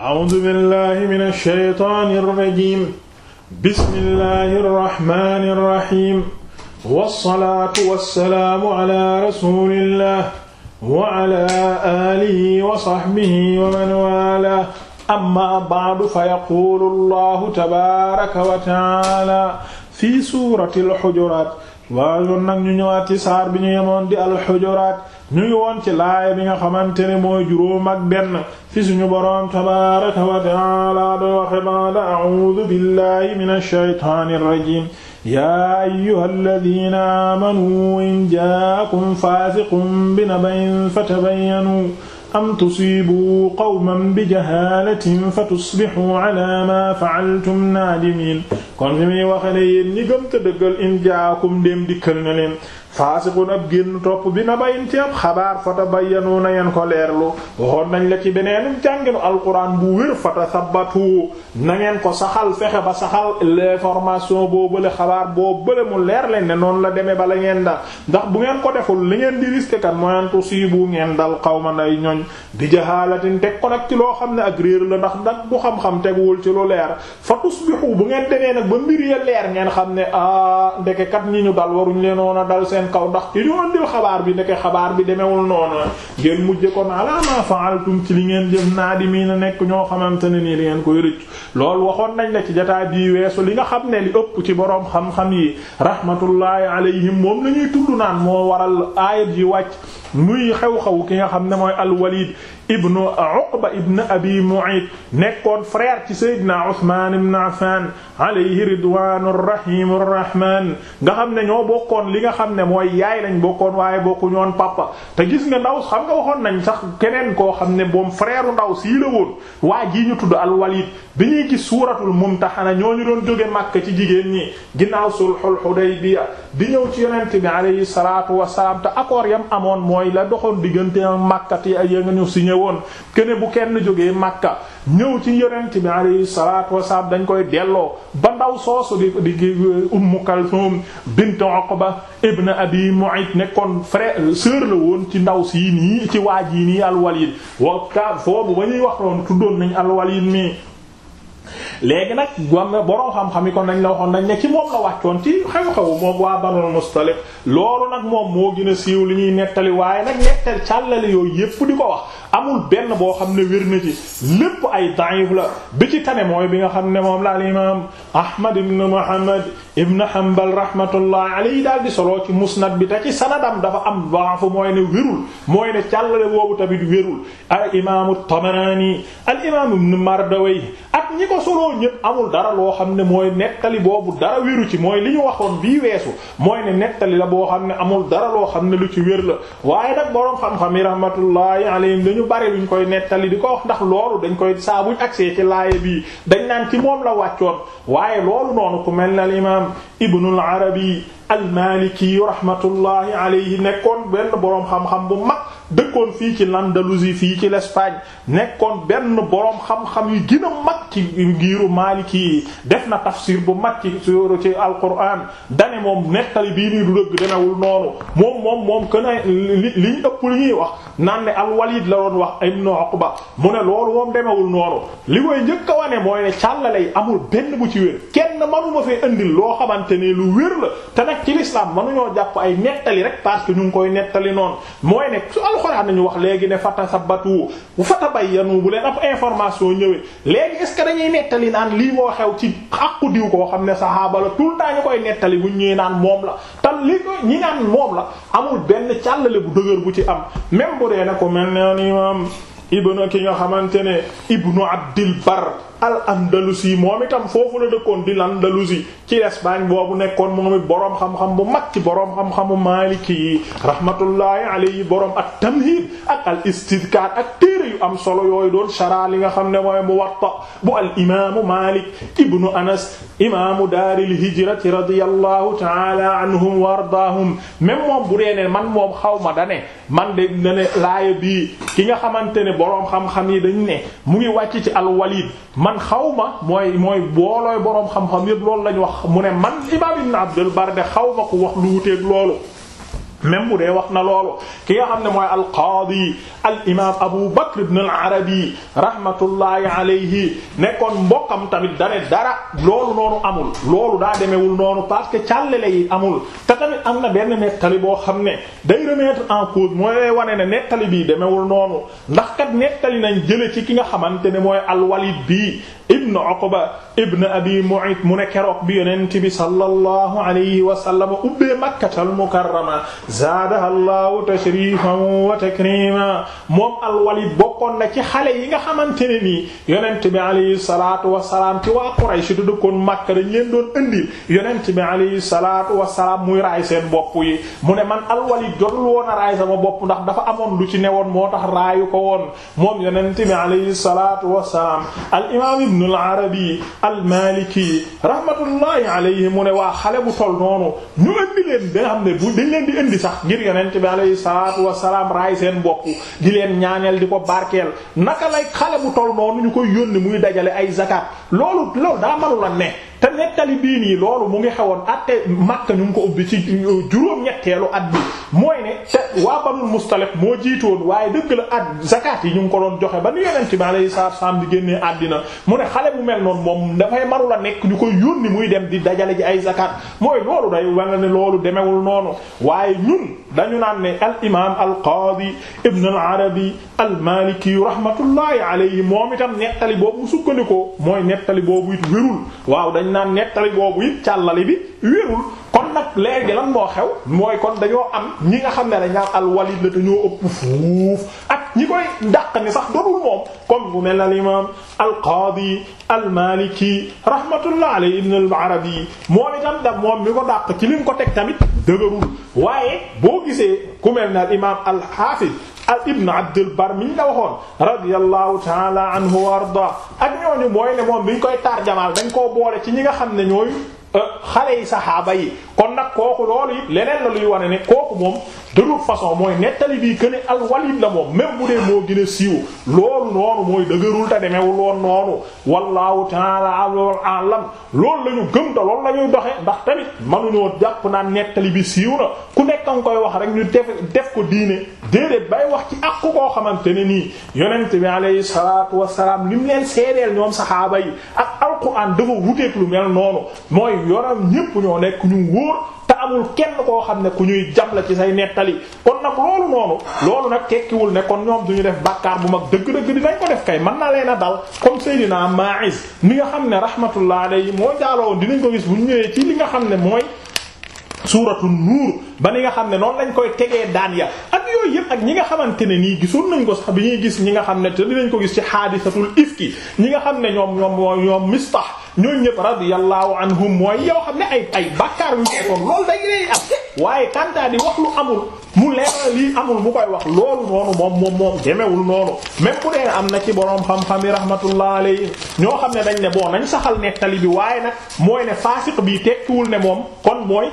a'uuzu billaahi mina shaytaani rajiim bismillaahi rahmaani rahiim wassalaatu wassalaamu alaa rasuulillaah wa alaa aalihi wa sahbihi wa man waalaahu amma ba'du fa yaquulu llaahu tabaaraka wa ta'aalaa fii suuratil Hujuraat waaw yoon nag ñu ñëwaat ci saar bi ñu yemoon di al Hujuraat ñu ngi woon ci laaya bi nga xamante ne mooy juróom ak benn fi suñu boroom tabaaraka wa ta'aala do waxe baada a'uudu billahi minash shaytaanir rajiim yaa ayyuhalladhiina aamanuu in jaa'akum faasiqun binaba'in fatabayyanuu am tusiibuu qawman bijahaalatin fatusbihuu 'alaa maa fa'altum naadimiin kon li muy waxe ne yéen ñi gëm te dëggal in jaa'akum dem dikkal na leen faasiqun ab génn topp bi na bayin ci ab xabaar fata bayyanu na ngeen ko leerlu waxoon nañ la ci beneen jànginu alquran bu wér fata sabbatu na ngeen ko saxal fexe ba saxal l'information boo bële xabaar boo bële mu leer leen ne noonu la ba la ngeen da ndax bu ngeen ko deful li ngeen di risque kat mooy an tusibu ngeen dal qawman ay ñoñ bi jahaalatin teg ko nag ci loo xam ne ak réer la ndax ndax bu xam-xam teguwul ci lu leer fa tusbihu bu ngeen ba mbir ngeen xam ne ah ndeke a kaw ndax ci ñu andil xabaar bi ndeke xabaar bi demewul noonu ngeen mujje ko naa laa ma fa'altum ci li ngeen jëf naa di mii na nekk ñoo xamante ne nii li ngeen koy rëccu lool waxoon nañ la ci jotaay bii weesu li nga xam ne li ëpp ci boroom xam-xam yi rahmatullahi alayhim moom la tudd naan moo waral aayat yi wàcc muy xew-xew ki nga xam ne mooy al ibnu Uqba ibn Abi Mu'ayt nekkoon frère ci Seydina Usmaan ibn Affaan alayhi ridwaanu rahiimu rahmaan nga xam ne ñoo bokkoon li nga xam ne mooy yaay lañ bokkoon waaye bokku ñoon papa te gis nga ndaw xam nga waxoon nañ sax keneen koo xam ne boom frère ndaw si la woon waa jii ñu tudd al-Walid bi ñuy gis suuratul Mumtahana ñoo ñu doon jóge Makka ci jigéen ñi ginnaaw sulhul Hudaybiya di ñëw ci yonent bi alayhi salaatu wassalaam te accord yam amoon mooy la doxoon diggante Makka ti ay nga ñu signé woon kene bu kenn jógee Makka ñëw ci yonent bi alayhi salaatu wasalaam dañ koy delloo ba ndaw soosu di di uh, Ummu Kalsum bint Uqba ibn Abi Mu'ayt nekkoon frère sœur la woon ci ndaw sii nii ci waaj yi nii al-Walid wa ka foofu ba ñuy wax loon tuddoon nañ al-Walid mi léegi nag borom xam-xam yi kon nañ la waxoon nañ ne ci moom la wàccoon ci xew-xew moom waa Banul Mustalik loolu nag moom moo gën a siiw li ñuy nettali waaye nag nettal càllale yooyu yépp di ko wax amul benn boo xam ne wér na ci lépp ay da'if la bi ci tane mooy bi nga xam ne moom la al imam ahmad ibn muhammad ibn hanbal rahmatullah alayhi daal di soloo ci musnad bi te ci sanadam dafa am da'fu mooy ne wérul mooy ne càllale boobu tamit wérul al imam at-tabarani al imam ibn mardawayh ak ñi ko soloo ñëpp amul dara loo xam ne mooy nekkali boobu dara wéru ci mooy li ñu waxoon bii weesu mooy ne nettali la boo xam ne amul dara loo xam ne lu ci wér la waaye nag boroom xam-xam yi rahmatullahi alayhim bari luñ koy nettali di ko wax ndax loolu dañ koy saabu buñ agsee ci laaya bi dañ naan ci moom la wàccoon waaye loolu noonu ku mel ne al imaam Ibnul Arabi al Maliki rahmatullahi alayhi nekkoon benn boroom xam-xam bu mag. dëkkoon fii ci l'Andalousie fii ci l'Espagne nekkoon benn boroom xam-xam yu gën a mag ci ngiiru Maliki def na tafsir bu mat ci suuru ci alquran dane moom nettali bii nii du dëgg demewul noonu moom moom moom que ne li liñ ëpp li ñuy wax naan ne al-Walid la doon wax ibn Uqba mu ne loolu moom demewul noonu li koy njëkk a wane mooy ne càllale yi amul benn bu ci wér kenn manuma fee indi loo xamante ne lu wér la te nag ci l'islam manuñoo jàpp ay nettali rek parce que ñu koy nettali noonu alxuraan nañu wax léegi ne fatasabatu fatabayyanu bu leen ab information ñëwee léegi est-ce que dañuy nettali naan lii moo xew ci àqu diw koo xam ne saxaaba la tout le temps ñu koy nettali bu ñëwee naan moom la tam li ko ñi naan moom la amul benn càllale bu dëgër bu ci am même na ko mel ne imam ibnu ki nga xamante ne ibnu abdil bar al andalusi moom itam foofu la dëkkoon di andalusi ci Espagne boobu nekkoon moom it boroom xam-xam bu mag ci boroom xam-xamu maaliki yi rahmatullahi alayhi boroom ak tamhid ak al istidkaar ak téere yu am solo yooyu doon shara li nga xam ne mooy muwatta bu al imaamu Maalik ibnu Anas imaamu daaril hijrati radiyallahu taala anhum wa ardaahum même moom bu dee man moom xaw ma da man de na ne laaya bii ki nga xamante ne boroom xam-xam yi dañ ne mu ngi wàcc ci al Walid man xaw ma mooy mooy boolooy boroom xam-xam yépp loolu lañ wax mu ne man imaam ibn Abdul Barr de xaw ma ku wax lu wuteek loolu même bu dee wax na loolu ki nga xam ne mooy alqaadi al imaam Abu Bakr ibn al Arabi rahmatullahi alayhi nekkoon mbokkam tamit dane dara loolu noonu amul loolu daa demewul noonu parce que càllale yi amul te tamit am na benn nettali boo xam ne day remettre en cause mooy wane na nettali bii demewul noonu ndax kat nettali nañ jële ci ki nga xamante ne mooy al Walid bii ibn Uqba ibn Abi Mu'ayt mu ne keroog bi yonent bi sallallahu alayhi wa sallam ubbee Makkatal Mukarrama zaadaha Allahu tashrifan wa takrima moom al-Walid bokkoon na ci xale yi nga xamante ne nii yonent bi alayhi salaatu wa salaam ci waa Quraysh du dëkkoon Makka dañ leen doon indi yonent bi alayhi salaatu wa salaam muy raay seen yi mu ne man al-Walid jotul woon a ndax dafa amoon lu ci newoon moo tax raayu ko woon moom alayhi salaatu wa salaam al arabi al maliki rahmatullahi alayhi mu ne waa xale bu tol noonu ñu indi leen da xam ne bu dañ leen di indi sax ngir yonent bi alayhi salaatu wasalaam raay seen bopp di leen ñaaneel di ko barkeel naka lay xale bu tol noonu ñu koy yónni muy dajale ay zakat loolu loolu daa manula ne ta nettali bii nii loolu mu ngi xewoon atte Makka ñu ngi ko ubbi ci euh, juróom-ñetteelu at bi mooy ne te waa Banul Mustalik moo jiitoon waaye dëgg la at zakat yi ñu ngi ko doon joxe ba nu yonent bi alayhi salaam di génnee àddina mu ne xale bu mel noonu moom dafay manula nekk ñu koy yónni muy dem di dajale ji ay zakat mooy loolu day wala ne loolu demewul noonu waaye ñun dañu naan ne al imaam al qaadi ibn al arabi al maliki rahmatullahi alayhi moom itam nettali boobu mu nettali boobu it wérul waaw dañ naan nettali boobu it càllali bi wérul kon nag léegi lan moo xew mooy kon dañoo am ñi nga xam ne dañ naan alwalid la dañoo ëpp fuuf ak ñi koy dàq ni sax dootul moom comme bu mel na al-imam al-qadi al-maliki rahmatullah alayhi ibn al-arabi moom itam da moom mi ko dàq ci li mu ko teg tamit dëgërul waaye boo gisee ku mel na al-imam al ibn abdul bar mi ñu la waxoon radiyallahu taala anhu wa arda ak ñooñu mooy ne moom bi ñu koy tarjamaal dañ koo boole ci ñi nga xam ne ñooy euh, xale yi saxaaba yi kon nag kooku loolu it leneen la luy wane ne kooku moom de toute façon mooy nettali bii que ak al la moom même bu dee moo gën a siiw loolu noonu mooy dëgërul te demeewul woon noonu wallahu ta'ala a'lam loolu la ñu gëm te loolu la ñuy doxe ndax tamit mënuñoo jàpp naan nettali bi siiw na ku nekk koy wax rek ñu def def ko diine déedéet bay wax ci ak koo xamante ne nii yonent bi alayhi salaatu wassalaam lim leen seedeel ñoom saxaaba yi ak alquran dafa wuteek lu mel noonu mooy yoram ñépp ñoo nekk ñu wóor amul kenn koo xam ne ku ñuy jam la ci say nettali kon nag loolu noonu loolu nag tekkiwul ne kon ñoom ñu def bàkkaar bu mag dëgg-dëgg dinañ ko def kay mën na leen a dal comme Seydina Ma'iz mi nga xam ne rahmatullah alayhi moo jaaloo dinañ ko gis bu ñu ñëwee ci li nga xam ne mooy suuratu nuur ba ni nga xam ne noon lañ koy tegee daan ya ak yooyu yëpp ak ñi nga xamante ne nii gisoon nañ ko sax bi ñuy gis ñi nga xam ne te dinañ ko gis ci xaadisatul ifki ñi nga xam ne ñoom ñoom ñoom mistax ñooñu ñëpp radiyallahu anhum mooy yoo xam ne ay ay bakkaar yu defoon loolu day lay am waaye kantaa di wax lu amul mu leer lii amul mu koy wax loolu noonu moom moom moom demewul noonu même bu dee am na ci borom xam-xam yi rahmatullah alayhi ñoo xam ne dañ ne bon nañ saxal nettali bi waaye nag mooy ne faasiq bi tekkiwul ne moom kon mooy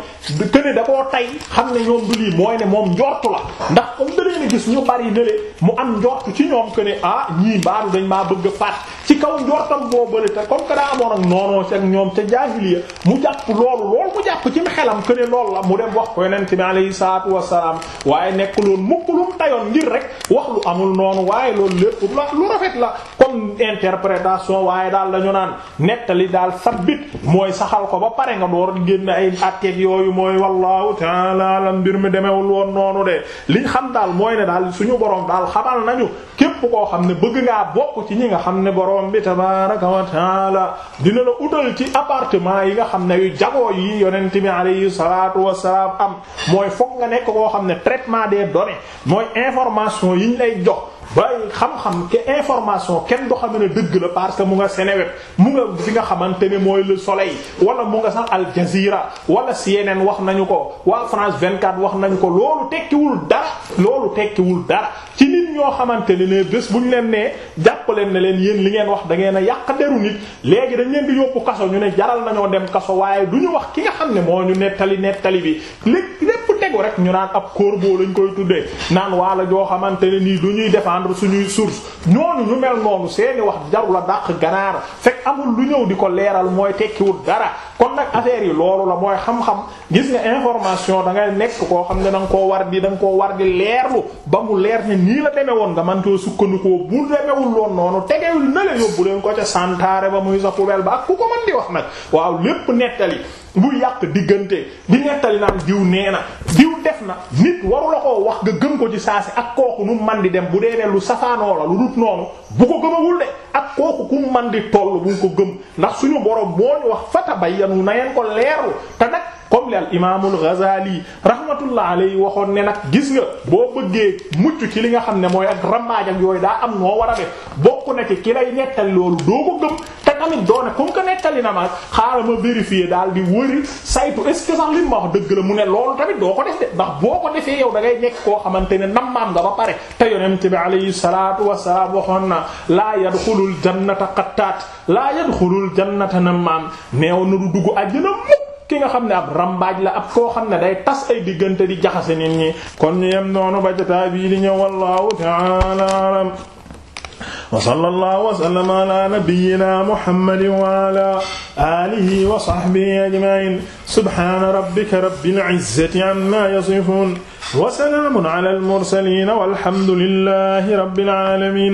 këne da koo tey xam ne ñoom du lii mooy ne moom njortu la ndax comme da leen gis ñu bari ne mu am njortu ci ñoom këne ah ñii mbaaru dañ maa bëgg a ci kaw njortam boo bëri te comme que daa amoon ak noonoo ci ak ñoom ca jaahiliya mu jàpp loolu loolu mu jàpp ci xelam que ne loolu la mu dem wax ko yonent bi alayhi salaatu wassalaam waaye nekk loon mukk lu mu rek wax lu amul noonu waaye loolu lépp lu rafet la comme interprétation waaye daal la naan nettali daal sabbit mooy saxal ko ba pare nga door génn ay atteeg yooyu mooy wallahu taala la mbir mi demewul woon noonu de liñ xam daal mooy ne daal suñu borom daal xamal nañu képp koo xam ne bëgg ngaa bokk ci ñi nga xam ne borom borom bi tabaaraka wa taala dina la yi nga xam ne yu jagoo yi yonent bi alayhi salaatu wa salaam mooy fokk nga nekk koo xam ne traitement des données mooy information yi ñu jox. waaye xam-xam ke information kenn du xam ne dëgg la parce que mu nga Seneweb mu nga fi nga xamante ne mooy le soleil wala mu nga sax Al Jazeera wala CNN wax nañu ko waa France 24 wax nañu ko loolu tekkiwul dara loolu tekkiwul dara ci ñoo xamante ni ne bés bu ñu leen nee jàpp leen na leen yéen li ngeen wax da ngeen a yàq deru nit léegi dañ leen di yóbbu kaso ñu ne jaral nañoo dem kaso waaye du ñu wax ki nga xam ne moo ñu nettali nettali bi lépp lépp tegu rek ñu naan ab corbeau lañ koy tuddee naan waala joo xamante ne nii du ñuy défendre suñuy source ñooñu ñu mel noonu seeni wax jaru la dàq ganaar fekk amul lu ñëw di ko leeral mooy tekkiwul dara kon nag affaire yi loolu la mooy xam-xam gis nga information dangay ngay nekk koo xam ne da nga koo war di da nga koo war di leerlu ba mu leer ni nii la demee woon nga man koo sukkandikoo bu demewul loon noonu tegewul na la yóbbu leen ko ca santaare ba muy sa poubelle ba ak ku ko mën di wax nag waaw lépp nettali bu yàq diggante di nettali naan diw nee na diw def na nit waru la koo wax nga gëm ko ci saasi ak kooku nu man di dem bu dee ne lu safaanoo la lu dut noonu bu ko gëmawul de ak kooku ku man di toll bu nga ko gëm ndax suñu borom moo ñu wax fatabayyanu na yen ko leeru te nag comme li al imaamul Ghazali rahmatullah alayhi waxoon ne nag gis nga boo bëggee mucc ci li nga xam ne mooy ak rammaaj ak yooyu daa am noo war a def bokk na ci ki lay nekkal loolu doo ko gëm tamit doone comme que nettali na ma xaaral ma vérifier daal di wëri saytu est ce que sax li ma wax dëgg la mu ne loolu tamit doo ko def de ndax boo ko defee yow da ngay nekk koo xamante ne nammaam nga ba pare te yonent bi alayhi salaatu wasalaam waxoon na laa yadxulul jannata qattaat laa yadxulul jannata nammaam neew na du dugg àjjana mukk ki nga xam ne ab rambaaj la ab koo xam ne day tas ay diggante di jaxase nit ñi kon ñu yem noonu ba jotaay bii di ñëw wa sallallahu wa sallama ala nabiyyina muhammadin wa ala alihi wa sahbihi ajma'in subhana rabbika rabbil izzati amma yasifun wa salamun ala al mursalin walhamdulillahi rabbil alamin